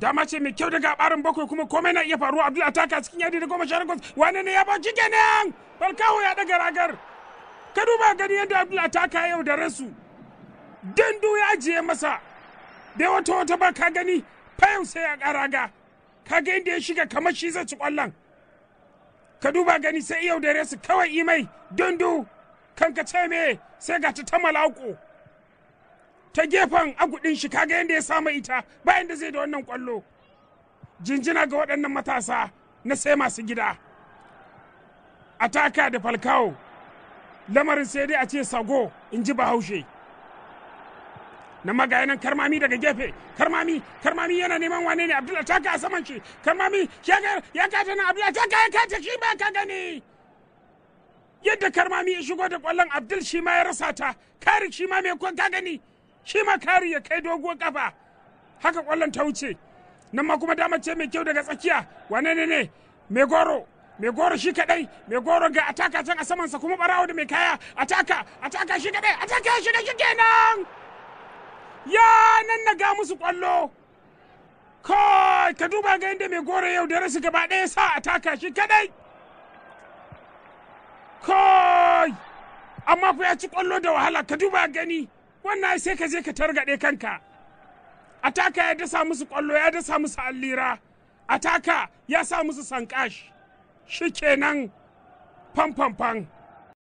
dama ce mai kyau daga barin bakwai kuma komai na iya faruwa abdul ataka cikin yadi da goma sha takwas wani ne ya ba shi kenan falkawo ya daga ragar ka duba gani yadda abdul ataka yau da rasu dandu ya ajiye masa da wata wata ba ka gani fayau sai ya kara ga ka ga inda ya shiga kamar shi zai ci kwallon ka duba gani sai yau da rasu kawai imai dandu kanka ce me sai ga ta malaku. ta gefen agudin shi kaga yadda ya samu ita bayan da zai da wannan kwallo jinjina ga waɗannan matasa na sai masu gida a taka da falkawo lamarin sai dai a ce sago in ji bahaushe na magaya nan karmami daga gefe karmami karmami yana neman wane ne abdul taka, a saman shi karmami ya kata na abdul taka, ya kata shi ba ka gani yadda karmami ya shigo da kwallon abdul shi ma ya rasa ta karik shi ma mai kwan ka gani shi ma kari ya kai doguwar kafa haka kwallon ta wuce nan ma kuma dama ce mai kyau daga tsakiya wane ne ne mai goro mai goro shi kadai mai goro ga ataka can a samansa kuma barawo da mai kaya ataka ataka shi kadai ataka shi da shi kenan ya nan na ga musu kwallo kai ka duba ga inda mai goro yau da rasu gaba ɗaya sa ataka shi kadai kai amma ku ya ci kwallo da wahala ka duba gani wannan sai ka je ka targaɗe kanka a taka ya dasa musu kwallo ya dasa musu allira a taka ya sa musu sankash shikenan fan fan fan